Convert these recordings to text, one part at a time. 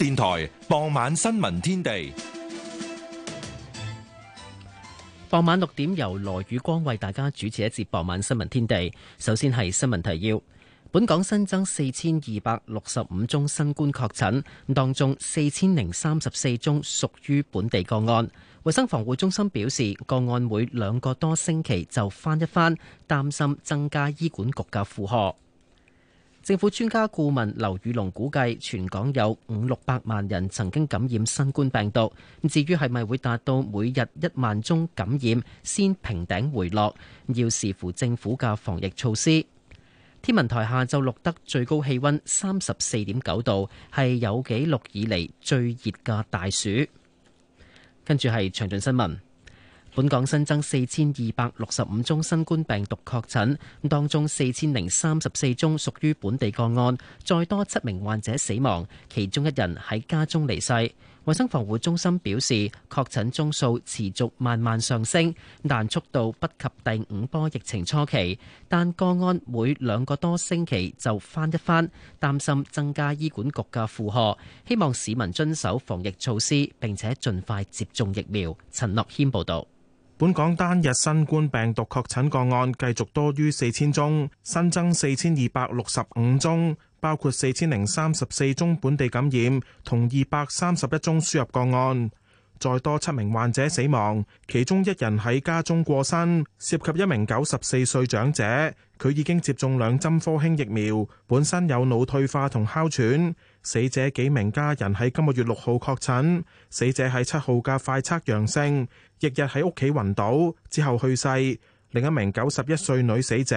電台傍晚新聞天地，傍晚六點由羅宇光為大家主持一節傍晚新聞天地。首先係新聞提要：本港新增四千二百六十五宗新冠確診，當中四千零三十四宗屬於本地個案。衛生防護中心表示，個案每兩個多星期就翻一番，擔心增加醫管局嘅負荷。政府專家顧問劉宇龍估計，全港有五六百萬人曾經感染新冠病毒。至於係咪會達到每日一萬宗感染先平頂回落，要視乎政府嘅防疫措施。天文台下晝錄得最高氣温三十四點九度，係有紀錄以嚟最熱嘅大暑。跟住係詳盡新聞。本港新增四千二百六十五宗新冠病毒確診，當中四千零三十四宗屬於本地個案，再多七名患者死亡，其中一人喺家中離世。衛生防護中心表示，確診宗數持續慢慢上升，但速度不及第五波疫情初期，但個案每兩個多星期就翻一番，擔心增加醫管局嘅負荷，希望市民遵守防疫措施，並且盡快接種疫苗。陳樂謙報道。本港單日新冠病毒確診個案繼續多於四千宗，新增四千二百六十五宗，包括四千零三十四宗本地感染，同二百三十一宗輸入個案。再多七名患者死亡，其中一人喺家中過身，涉及一名九十四歲長者。佢已經接種兩針科興疫苗，本身有腦退化同哮喘。死者幾名家人喺今個月六號確診，死者喺七號嘅快測陽性，翌日喺屋企暈倒之後去世。另一名九十一歲女死者，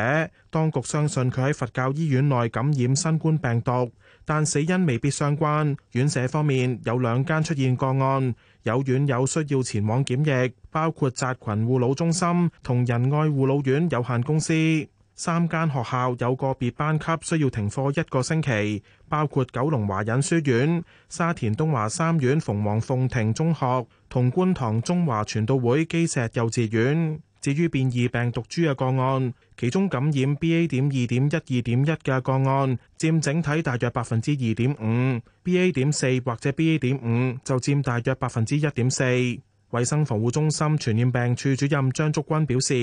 當局相信佢喺佛教醫院內感染新冠病毒，但死因未必相關。院舍方面有兩間出現個案，有院友需要前往檢疫，包括扎群護老中心同仁愛護老院有限公司。三間學校有個別班級需要停課一個星期，包括九龍華仁書院、沙田東華三院鳳凰鳳亭中學同觀塘中華傳道會基石幼稚園。至於變異病毒株嘅個案，其中感染 B A 點二點一、二點一嘅個案佔整體大約百分之二點五，B A 點四或者 B A 點五就佔大約百分之一點四。衛生防護中心傳染病處主任張竹君表示，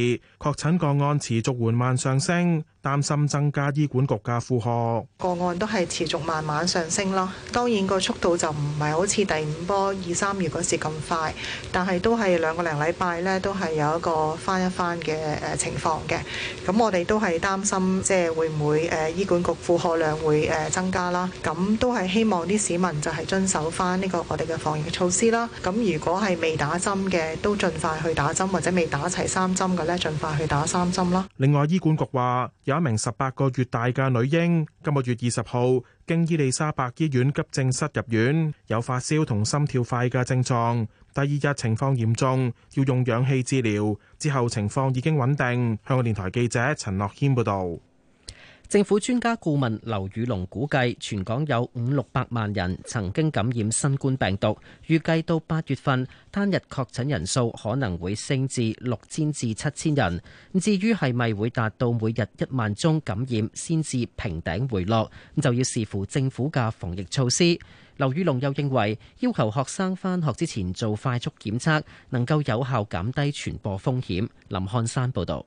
確診個案持續緩慢上升。擔心增加醫管局嘅負荷，個案都係持續慢慢上升咯。當然個速度就唔係好似第五波二三月嗰時咁快，但係都係兩個零禮拜呢，都係有一個翻一翻嘅誒情況嘅。咁我哋都係擔心，即係會唔會誒醫管局負荷量會誒增加啦？咁都係希望啲市民就係遵守翻呢個我哋嘅防疫措施啦。咁如果係未打針嘅，都盡快去打針，或者未打齊三針嘅咧，盡快去打三針啦。另外，醫管局話。有一名十八個月大嘅女嬰，今個月二十號經伊利沙伯醫院急症室入院，有發燒同心跳快嘅症狀。第二日情況嚴重，要用氧氣治療。之後情況已經穩定。香港電台記者陳樂謙報道。政府專家顧問劉宇龍估計，全港有五六百萬人曾經感染新冠病毒，預計到八月份單日確診人數可能會升至六千至七千人。至於係咪會達到每日一萬宗感染先至平頂回落，咁就要視乎政府嘅防疫措施。劉宇龍又認為，要求學生返學之前做快速檢測，能夠有效減低傳播風險。林漢山報導。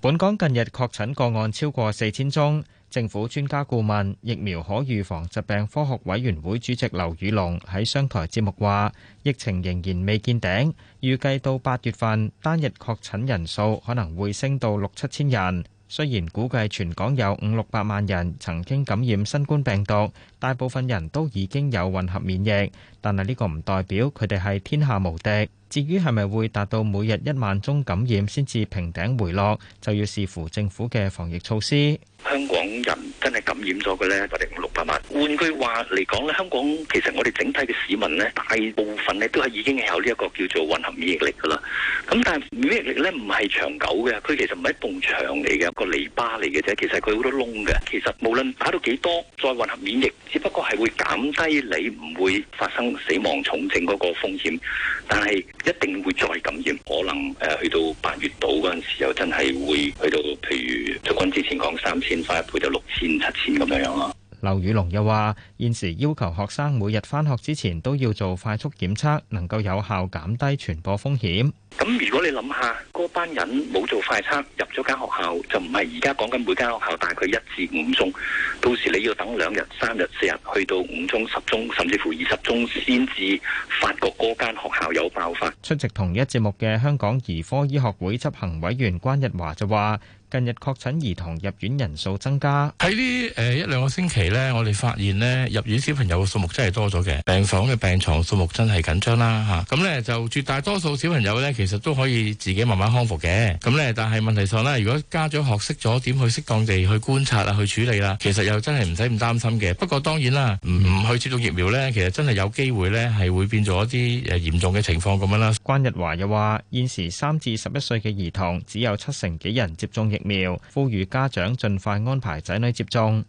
本港近日確診個案超過四千宗，政府專家顧問、疫苗可預防疾病科學委員會主席劉宇龍喺商台節目話：疫情仍然未見頂，預計到八月份單日確診人數可能會升到六七千人。雖然估計全港有五六百萬人曾經感染新冠病毒，大部分人都已經有混合免疫，但係呢個唔代表佢哋係天下無敵。至於係咪會達到每日一萬宗感染先至平頂回落，就要視乎政府嘅防疫措施。香港人真係感染咗嘅咧，就五六百萬。換句話嚟講咧，香港其實我哋整體嘅市民咧，大部分咧都係已經有呢一個叫做混合免疫力嘅啦。咁但係免疫力咧唔係長久嘅，佢其實唔係一埲牆嚟嘅，個籬笆嚟嘅啫。其實佢好多窿嘅。其實無論打到幾多再混合免疫，只不過係會減低你唔會發生死亡重症嗰個風險，但係，一定會再感染，可能誒、呃、去到八月度嗰陣時候，又真係會去到，譬如出關之前講三千翻一倍就六千七千咁樣啦。劉宇龍又話：現時要求學生每日返學之前都要做快速檢測，能夠有效減低傳播風險。咁如果你諗下，嗰班人冇做快測，入咗間學校就唔係而家講緊每間學校大概一至五宗，到時你要等兩日、三日、四日，去到五宗、十宗，甚至乎二十宗先至發覺嗰間學校有爆發。出席同一節目嘅香港兒科醫學會執行委員關日華就話。近日確診兒童入院人數增加，喺呢誒一兩個星期咧，我哋發現咧入院小朋友嘅數目真係多咗嘅，病房嘅病牀數目真係緊張啦嚇。咁咧就絕大多數小朋友咧，其實都可以自己慢慢康復嘅。咁咧，但係問題上咧，如果家長學識咗點去適當地去觀察啊，去處理啦，其實又真係唔使咁擔心嘅。不過當然啦，唔去接種疫苗咧，其實真係有機會咧係會變咗一啲誒嚴重嘅情況咁樣啦。關日華又話：現時三至十一歲嘅兒童只有七成幾人接種疫苗。疫苗呼籲家長盡快安排仔女接種。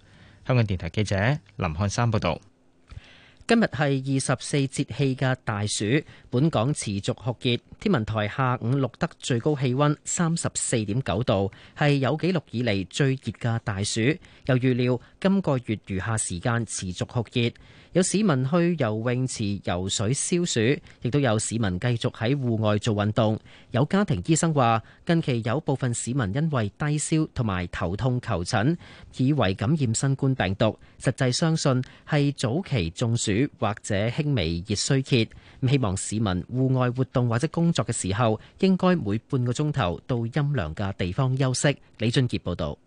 香港電台記者林漢山報道，今日係二十四節氣嘅大暑，本港持續酷熱。天文台下午錄得最高氣溫三十四點九度，係有紀錄以嚟最熱嘅大暑。又預料今個月餘下時間持續酷熱。有市民去游泳池游水消暑，亦都有市民繼續喺戶外做運動。有家庭醫生話近期有部分市民因為低燒同埋頭痛求診，以為感染新冠病毒，實際相信係早期中暑或者輕微熱衰竭。希望市民戶外活動或者工作嘅時候，應該每半個鐘頭到陰涼嘅地方休息。李俊杰報道，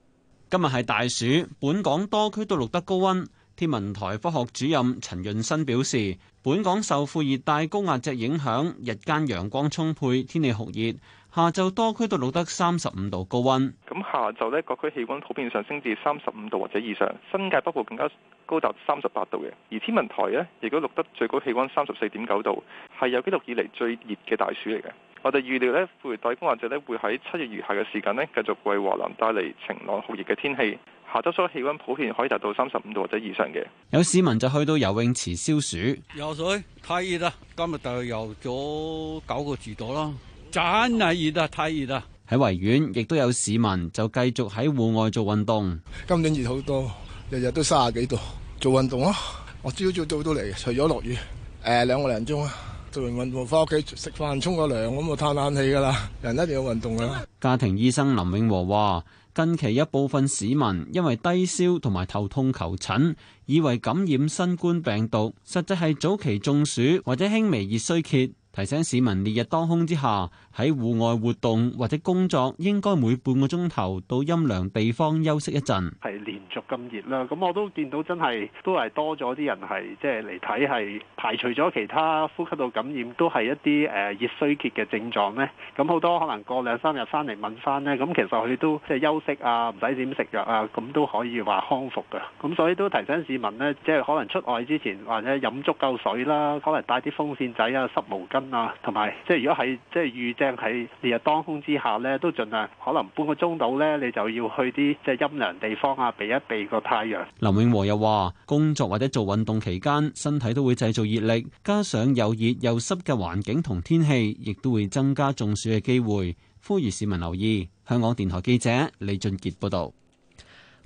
今日係大暑，本港多區都錄得高溫。天文台科學主任陳潤新表示，本港受副熱帶高壓脊影響，日間陽光充沛，天氣酷熱。下晝多區都錄得三十五度高温，咁下晝呢，各區氣温普遍上升至三十五度或者以上，新界北部更加高達三十八度嘅。而天文台呢，亦都錄得最高氣温三十四點九度，係有記錄以嚟最熱嘅大暑嚟嘅。我哋預料咧，副熱帶高壓脊咧會喺七月餘下嘅時間咧，繼續為華南帶嚟晴朗酷熱嘅天氣。下周初氣温普遍可以達到三十五度或者以上嘅。有市民就去到游泳池消暑，游水太熱啦！今日就游咗九個字度啦，真係熱啊！太熱啊！喺維園亦都有市民就繼續喺戶外做運動。今年熱好多，日日都三十幾度，做運動咯。我朝早到到嚟，除咗落雨，誒、呃、兩個零鐘啊。做完運動，翻屋企食飯，沖個涼咁就嘆冷氣噶啦。人一定要運動噶。家庭醫生林永和話：近期一部分市民因為低燒同埋頭痛求診，以為感染新冠病毒，實際係早期中暑或者輕微熱衰竭。提醒市民烈日當空之下喺戶外活動或者工作，應該每半個鐘頭到陰涼地方休息一陣。係連續咁熱啦，咁我都見到真係都係多咗啲人係即係嚟睇，係排除咗其他呼吸道感染，都係一啲誒熱衰竭嘅症狀咧。咁好多可能過兩三日翻嚟問翻咧，咁其實佢都即係休息啊，唔使點食藥啊，咁都可以話康復㗎。咁所以都提醒市民呢，即係可能出外之前或者飲足夠水啦，可能帶啲風扇仔啊、濕毛巾。啊，同埋即係如果喺即係遇正喺烈日當空之下咧，都盡量可能半個鐘到咧，你就要去啲即係陰涼地方啊，避一避個太陽。林永和又話，工作或者做運動期間，身體都會製造熱力，加上又熱又濕嘅環境同天氣亦都會增加中暑嘅機會。呼籲市民留意。香港電台記者李俊杰報道。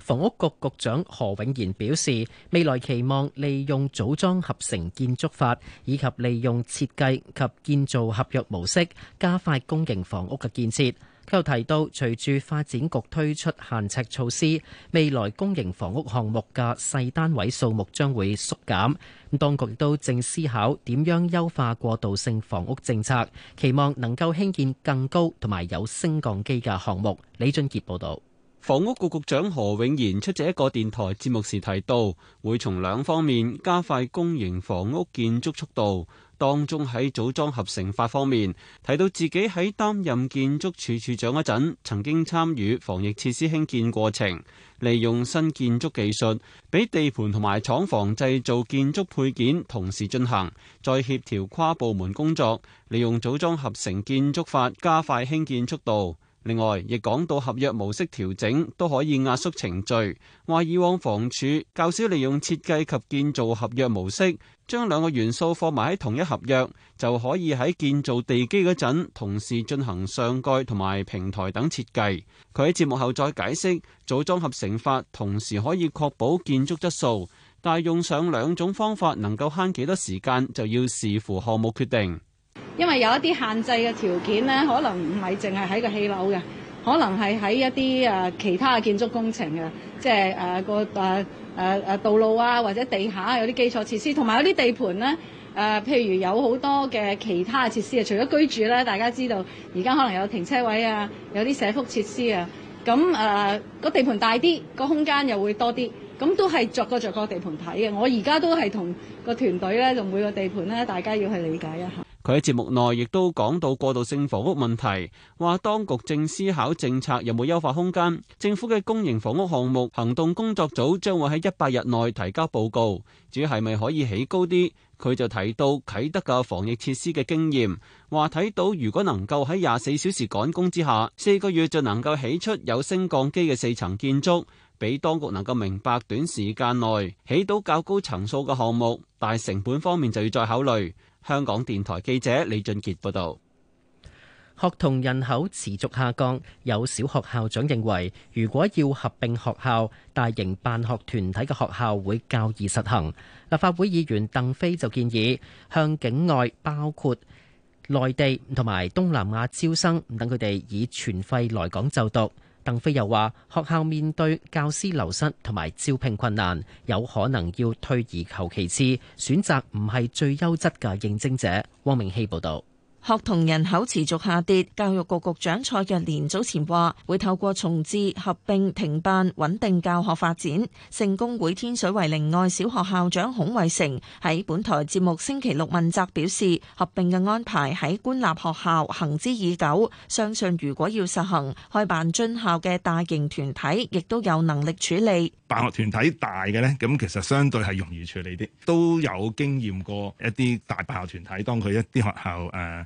房屋局局長何永賢表示，未來期望利用組裝合成建築法以及利用設計及建造合約模式，加快公營房屋嘅建設。佢又提到，隨住發展局推出限尺措施，未來公營房屋項目嘅細單位數目將會縮減。咁當局亦都正思考點樣優化過渡性房屋政策，期望能夠興建更高同埋有升降機嘅項目。李俊杰報道。房屋局局長何永賢出席一個電台節目時提到，會從兩方面加快公營房屋建築速度。當中喺組裝合成法方面，提到自己喺擔任建築處處長嗰陣，曾經參與防疫設施興建過程，利用新建築技術，俾地盤同埋廠房製造建築配件同時進行，再協調跨部門工作，利用組裝合成建築法加快興建速度。另外，亦講到合約模式調整都可以壓縮程序，話以往房署較少利用設計及建造合約模式，將兩個元素放埋喺同一合約，就可以喺建造地基嗰陣同時進行上蓋同埋平台等設計。佢喺節目後再解釋組裝合成法，同時可以確保建築質素，但係用上兩種方法能夠慳幾多時間，就要視乎項目決定。因為有一啲限制嘅條件咧，可能唔係淨係喺個起樓嘅，可能係喺一啲誒、呃、其他嘅建築工程啊，即係誒個誒誒誒道路啊，或者地下有啲基礎設施，同埋有啲地盤咧誒，譬如有好多嘅其他嘅設施啊，除咗居住咧，大家知道而家可能有停車位啊，有啲社福設施啊，咁誒個地盤大啲，個空間又會多啲，咁、嗯、都係逐個逐個地盤睇嘅。我而家都係同個團隊咧，同每個地盤咧，大家要去理解一下。佢喺節目內亦都講到過渡性房屋問題，話當局正思考政策有冇優化空間。政府嘅公營房屋項目行動工作組將會喺一百日內提交報告，至於係咪可以起高啲，佢就提到啟德嘅防疫設施嘅經驗，話睇到如果能夠喺廿四小時趕工之下，四個月就能夠起出有升降機嘅四層建築，俾當局能夠明白短時間內起到較高層數嘅項目，但係成本方面就要再考慮。香港電台記者李俊杰報道，學童人口持續下降，有小學校長認為，如果要合併學校，大型辦學團體嘅學校會較易實行。立法會議員鄧飛就建議，向境外包括內地同埋東南亞招生，等佢哋以全費來港就讀。鄧飛又話學校面對教師流失同埋招聘困難，有可能要退而求其次，選擇唔係最優質嘅應徵者。汪明希報道。學童人口持續下跌，教育局局長蔡若蓮早前話會透過重置、合併、停辦穩定教學發展。聖公會天水圍另外小學校長孔維成喺本台節目星期六問責表示，合併嘅安排喺官立學校行之已久，相信如果要實行，開辦津校嘅大型團體亦都有能力處理。辦學團體大嘅呢，咁其實相對係容易處理啲，都有經驗過一啲大辦學團體，當佢一啲學校誒。呃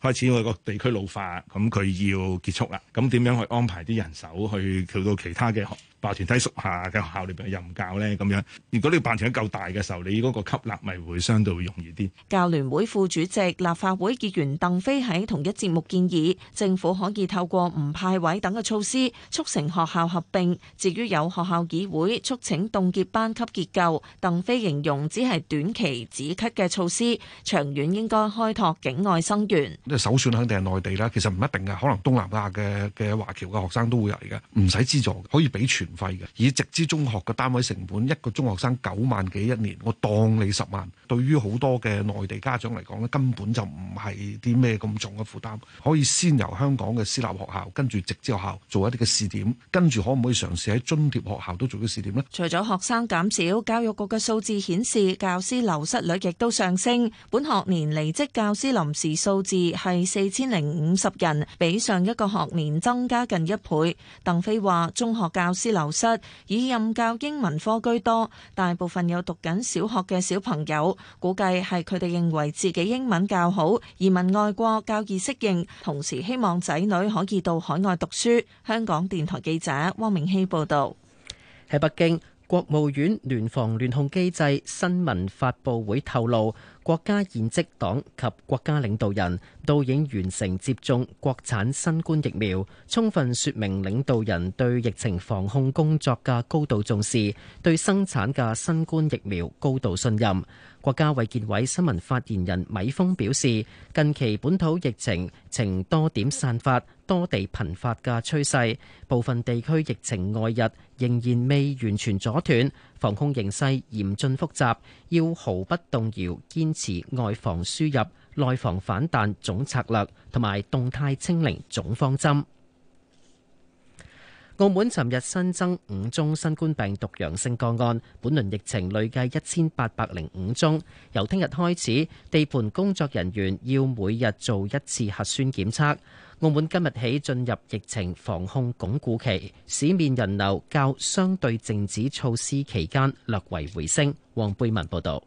開始我個地區老化，咁佢要結束啦。咁點樣去安排啲人手去調到其他嘅辦學團體屬下嘅學校裏邊任教呢？咁樣，如果你辦學團體夠大嘅時候，你嗰個吸納咪會相對容易啲。教聯會副主席、立法會議員鄧飛喺同一節目建議，政府可以透過唔派位等嘅措施，促成學校合併。至於有學校議會促請凍結班級結構，鄧飛形容只係短期止咳嘅措施，長遠應該開拓境外生源。即係首選肯定係內地啦，其實唔一定嘅，可能東南亞嘅嘅華僑嘅學生都會嚟嘅，唔使資助，可以俾全費嘅。以直資中學嘅單位成本，一個中學生九萬幾一年，我當你十萬，對於好多嘅內地家長嚟講咧，根本就唔係啲咩咁重嘅負擔。可以先由香港嘅私立學校跟住直資學校做一啲嘅試點，跟住可唔可以嘗試喺津貼學校都做啲試點呢？除咗學生減少，教育局嘅數字顯示教師流失率亦都上升。本學年離職教師臨時數字，係四千零五十人，比上一個學年增加近一倍。鄧飛話：中學教師流失，以任教英文科居多，大部分有讀緊小學嘅小朋友，估計係佢哋認為自己英文較好，移民外國較易適應，同時希望仔女可以到海外讀書。香港電台記者汪明熙報道。喺北京。國務院聯防聯控機制新聞發布會透露，國家現職黨及國家領導人都已完成接種國產新冠疫苗，充分說明領導人對疫情防控工作嘅高度重視，對生產嘅新冠疫苗高度信任。國家衛健委新聞發言人米鋒表示，近期本土疫情呈多點散發、多地頻發嘅趨勢，部分地區疫情外日仍然未完全阻斷，防控形勢嚴峻複雜，要毫不動搖堅持外防輸入、內防反彈總策略同埋動態清零總方針。澳門尋日新增五宗新冠病毒陽性個案，本輪疫情累計一千八百零五宗。由聽日開始，地盤工作人員要每日做一次核酸檢測。澳門今日起進入疫情防控鞏固期，市面人流較相對靜止措施期間略為回升。黃貝文報道。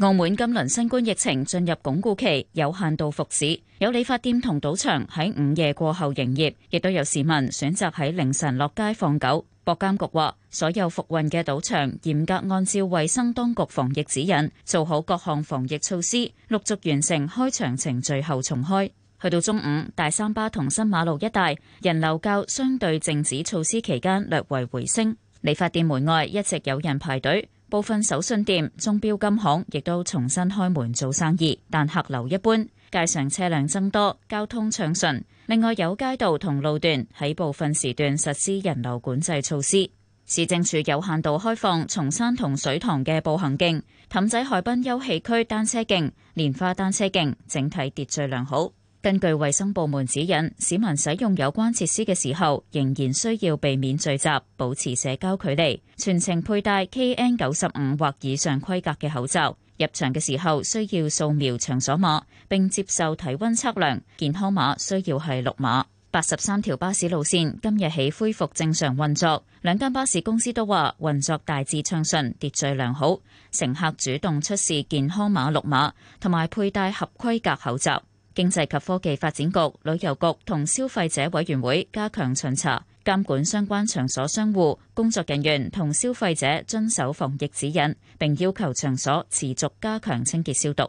澳門今輪新冠疫情進入鞏固期，有限度復市，有理髮店同賭場喺午夜過後營業，亦都有市民選擇喺凌晨落街放狗。博監局話，所有復運嘅賭場嚴格按照衛生當局防疫指引，做好各項防疫措施，陸續完成開場程序後重開。去到中午，大三巴同新馬路一帶人流較相對靜止措施期間略為回升，理髮店門外一直有人排隊。部分手信店、鐘錶金行亦都重新開門做生意，但客流一般。街上車輛增多，交通暢順。另外有街道同路段喺部分時段實施人流管制措施。市政署有限度開放松山同水塘嘅步行徑、氹仔海濱休憩區單車徑、蓮花單車徑，整體秩序良好。根據衛生部門指引，市民使用有關設施嘅時候，仍然需要避免聚集，保持社交距離，全程佩戴 KN 九十五或以上規格嘅口罩。入場嘅時候需要掃描場所碼，並接受體温測量。健康碼需要係綠碼。八十三條巴士路線今日起恢復正常運作，兩間巴士公司都話運作大致暢順，秩序良好，乘客主動出示健康碼綠碼，同埋佩戴合規格口罩。經濟及科技發展局、旅遊局同消費者委員會加強巡查，監管相關場所商戶，工作人員同消費者遵守防疫指引，並要求場所持續加強清潔消毒。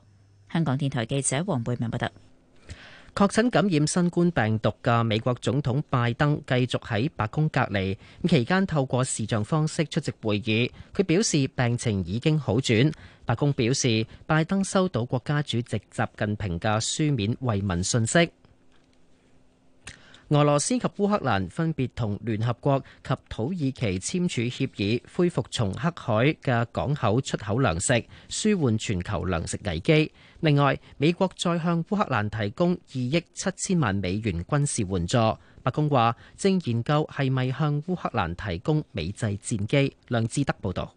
香港電台記者黃貝文報道。確診感染新冠病毒嘅美國總統拜登繼續喺白宮隔離，期間透過視像方式出席會議。佢表示病情已經好轉。白宮表示，拜登收到國家主席習近平嘅書面慰問信息。俄羅斯及烏克蘭分別同聯合國及土耳其簽署協議，恢復從黑海嘅港口出口糧食，舒緩全球糧食危機。另外，美國再向烏克蘭提供二億七千萬美元軍事援助。白宮話正研究係咪向烏克蘭提供美製戰機。梁志德報導。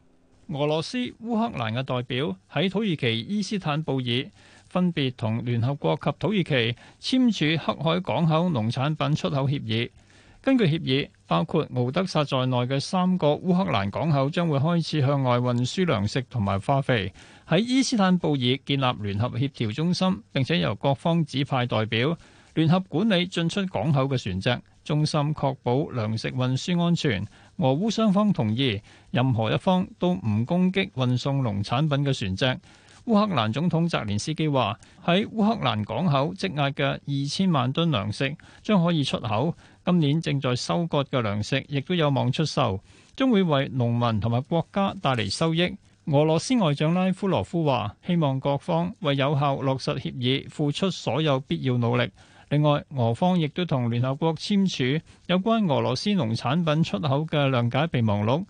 俄羅斯、烏克蘭嘅代表喺土耳其伊斯坦布爾分別同聯合國及土耳其簽署黑海港口農產品出口協議。根據協議，包括敖德薩在內嘅三個烏克蘭港口將會開始向外運輸糧食同埋化肥。喺伊斯坦布爾建立聯合協調中心，並且由各方指派代表聯合管理進出港口嘅船隻，中心確保糧食運輸安全。俄烏雙方同意任何一方都唔攻擊運送農產品嘅船隻。烏克蘭總統澤連斯基話：喺烏克蘭港口積壓嘅二千萬噸糧食將可以出口，今年正在收割嘅糧食亦都有望出售，將會為農民同埋國家帶嚟收益。俄羅斯外長拉夫羅夫話：希望各方為有效落實協議付出所有必要努力。另外，俄方亦都同聯合國簽署有關俄羅斯農產品出口嘅諒解備忘錄。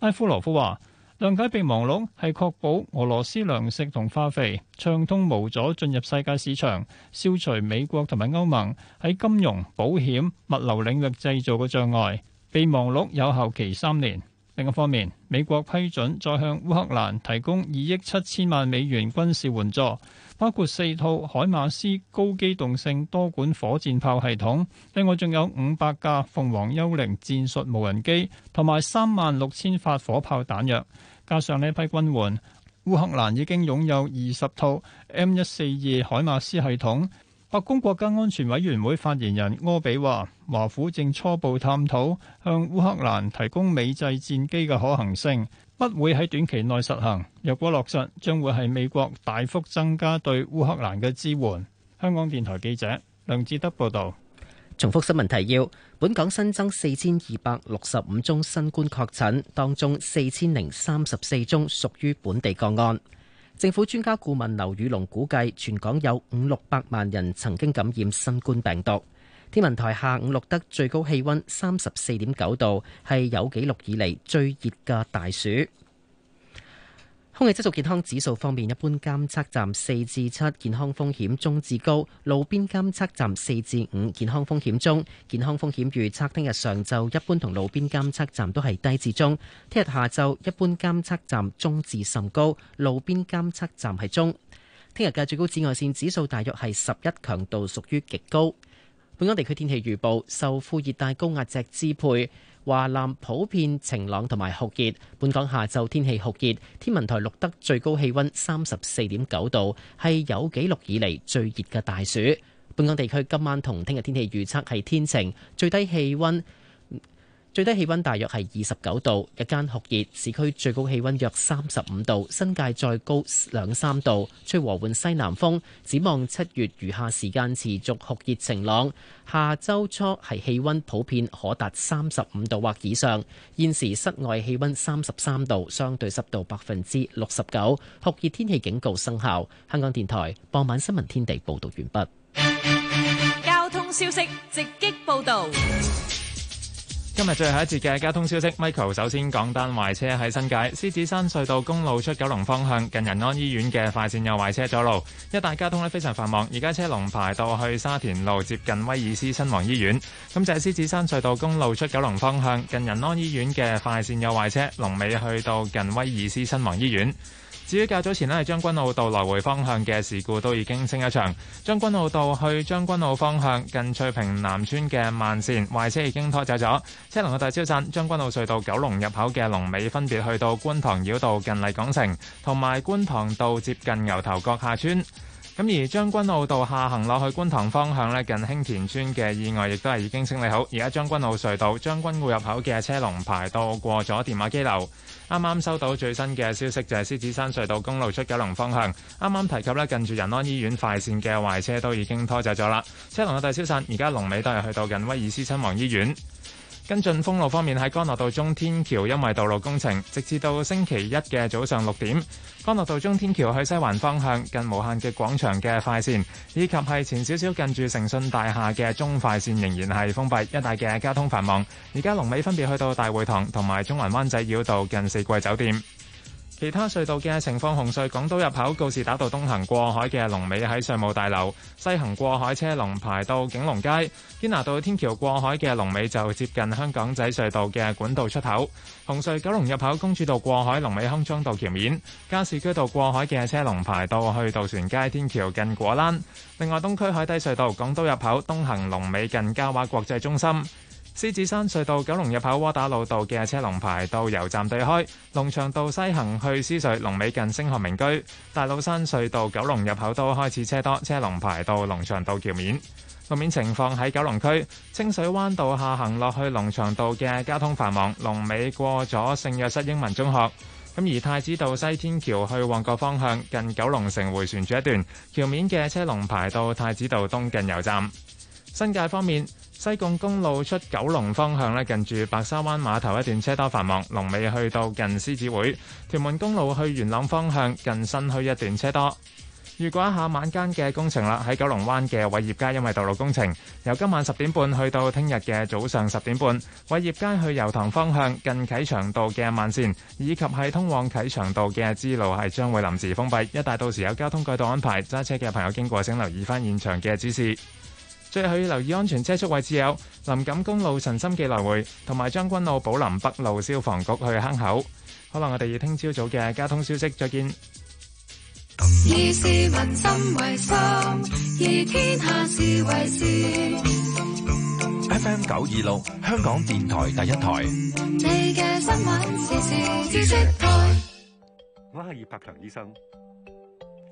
拉夫羅夫話。諒解備忘錄係確保俄羅斯糧食同化肥暢通無阻進入世界市場，消除美國同埋歐盟喺金融、保險、物流領域製造嘅障礙。備忘錄有效期三年。另一方面，美國批准再向烏克蘭提供二億七千萬美元軍事援助，包括四套海馬斯高機動性多管火箭炮系統，另外仲有五百架鳳凰幽靈戰術無人機同埋三萬六千發火炮彈藥。加上呢批軍援，烏克蘭已經擁有二十套 M 一四二海馬斯系統。白宮國家安全委員會發言人柯比話：華府正初步探討向烏克蘭提供美製戰機嘅可行性，不會喺短期內實行。若果落實，將會係美國大幅增加對烏克蘭嘅支援。香港電台記者梁志德報道。重複新聞提要：本港新增四千二百六十五宗新冠確診，當中四千零三十四宗屬於本地個案。政府專家顧問劉宇龍估計，全港有五六百萬人曾經感染新冠病毒。天文台下午錄得最高氣温三十四點九度，係有紀錄以嚟最熱嘅大暑。空氣質素健康指數方面，一般監測站四至七，健康風險中至高；路邊監測站四至五，健康風險中。健康風險預測聽日上晝一般同路邊監測站都係低至中，聽日下晝一般監測站中至甚高，路邊監測站係中。聽日嘅最高紫外線指數大約係十一，強度屬於極高。本港地區天氣預報受副熱帶高壓脊支配。華南普遍晴朗同埋酷熱，本港下晝天氣酷熱，天文台錄得最高氣温三十四點九度，係有紀錄以嚟最熱嘅大暑。本港地區今晚同聽日天氣預測係天晴，最低氣温。最低氣温大約係二十九度，日間酷熱，市區最高氣温約三十五度，新界再高兩三度，吹和緩西南風。展望七月餘下時間持續酷熱晴朗，下周初係氣温普遍可達三十五度或以上。現時室外氣温三十三度，相對濕度百分之六十九，酷熱天氣警告生效。香港電台傍晚新聞天地報道完畢。交通消息直擊報導。今日最後一節嘅交通消息，Michael 首先講單壞車。喺新界獅子山隧道公路出九龍方向近仁安醫院嘅快線有壞車阻路，一帶交通咧非常繁忙，而家車龍排到去沙田路接近威爾斯親王醫院。咁就係獅子山隧道公路出九龍方向近仁安醫院嘅快線有壞車，龍尾去到近威爾斯親王醫院。至於較早前咧，將軍澳道來回方向嘅事故都已經升一場。將軍澳道去將軍澳方向近翠屏南村嘅慢線壞車已經拖走咗，車龍嘅大超散。將軍澳隧道九龍入口嘅龍尾分別去到觀塘繞道近麗港城，同埋觀塘道接近牛頭角下村。咁而將軍澳道下行落去觀塘方向呢，近興田村嘅意外亦都係已經清理好。而家將軍澳隧道將軍澳入口嘅車龍排到過咗電話機樓。啱啱收到最新嘅消息就係獅子山隧道公路出九龍方向，啱啱提及呢，近住仁安醫院快線嘅壞車都已經拖走咗啦，車龍都大消散。而家龍尾都係去到近威爾斯親王醫院。跟進封路方面，喺干諾道中天橋因為道路工程，直至到星期一嘅早上六點，干諾道中天橋去西環方向近無限極廣場嘅快線，以及係前少少近住誠信大廈嘅中快線仍然係封閉，一帶嘅交通繁忙。而家龍尾分別去到大會堂同埋中環灣仔繞道近四季酒店。其他隧道嘅情況，紅隧港島入口告士打道東行過海嘅龍尾喺稅務大樓，西行過海車龍排到景隆街，堅拿道天橋過海嘅龍尾就接近香港仔隧道嘅管道出口。紅隧九龍入口公主道過海龍尾康莊道橋面，加士居道過海嘅車龍排到去渡船街天橋近果欄。另外，東區海底隧道港島入口東行龍尾近嘉華國際中心。獅子山隧道九龍入口窩打老道嘅車龍排到油站對開，龍翔道西行去獅隧龍尾近星河名居。大老山隧道九龍入口都開始車多，車龍排到龍翔道橋面。路面情況喺九龍區清水灣道下行落去龍翔道嘅交通繁忙，龍尾過咗聖約瑟英文中學。咁而太子道西天橋去旺角方向近九龍城回旋處一段橋面嘅車龍排到太子道東近油站。新界方面。西貢公路出九龍方向咧，近住白沙灣碼頭一段車多繁忙，龍尾去到近獅子會。屯門公路去元朗方向近新墟一段車多。預告一下晚間嘅工程啦，喺九龍灣嘅偉業街因為道路工程，由今晚十點半去到聽日嘅早上十點半。偉業街去油塘方向近啟祥道嘅慢線，以及係通往啟祥道嘅支路係將會臨時封閉。一旦到時有交通改道安排，揸車嘅朋友經過請留意翻現場嘅指示。即係要留意安全車速，位置有林錦公路神心記來回，同埋將軍澳寶林北路消防局去坑口。好啦，我哋聽朝早嘅交通消息再見。以市民心為心，以天下事為事。FM 九二六，香港電台第一台。你嘅新聞時事知識台，我係葉柏強醫生。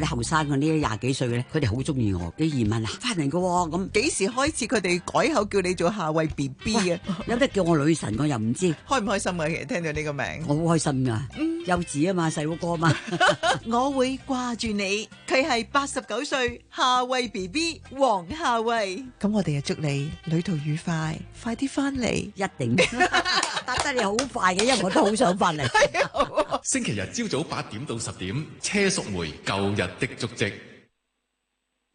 啲後生嗰啲廿幾歲嘅咧，佢哋好中意我啲移民啊翻嚟嘅喎，咁幾時開始佢哋改口叫你做夏慧 BB 啊？有得叫我女神，我又唔知開唔開心啊！其實聽到呢個名，我好開心㗎，幼稚啊嘛，細個哥啊嘛，我會掛住你。佢係八十九歲夏慧 BB 黃夏慧。咁我哋又祝你旅途愉快，快啲翻嚟！一定搭得你好快嘅，因為我都好想翻嚟。星期日朝早八點到十點，車淑梅舊日的足跡，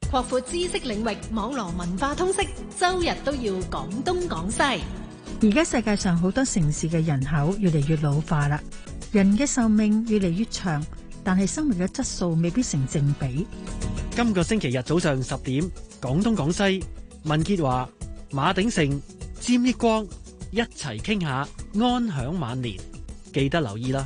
擴闊知識領域，網絡文化通識，週日都要講東講西。而家世界上好多城市嘅人口越嚟越老化啦，人嘅壽命越嚟越長，但係生活嘅質素未必成正比。今個星期日早上十點，廣東廣西，文潔華、馬鼎盛、詹益光一齊傾下安享晚年，記得留意啦。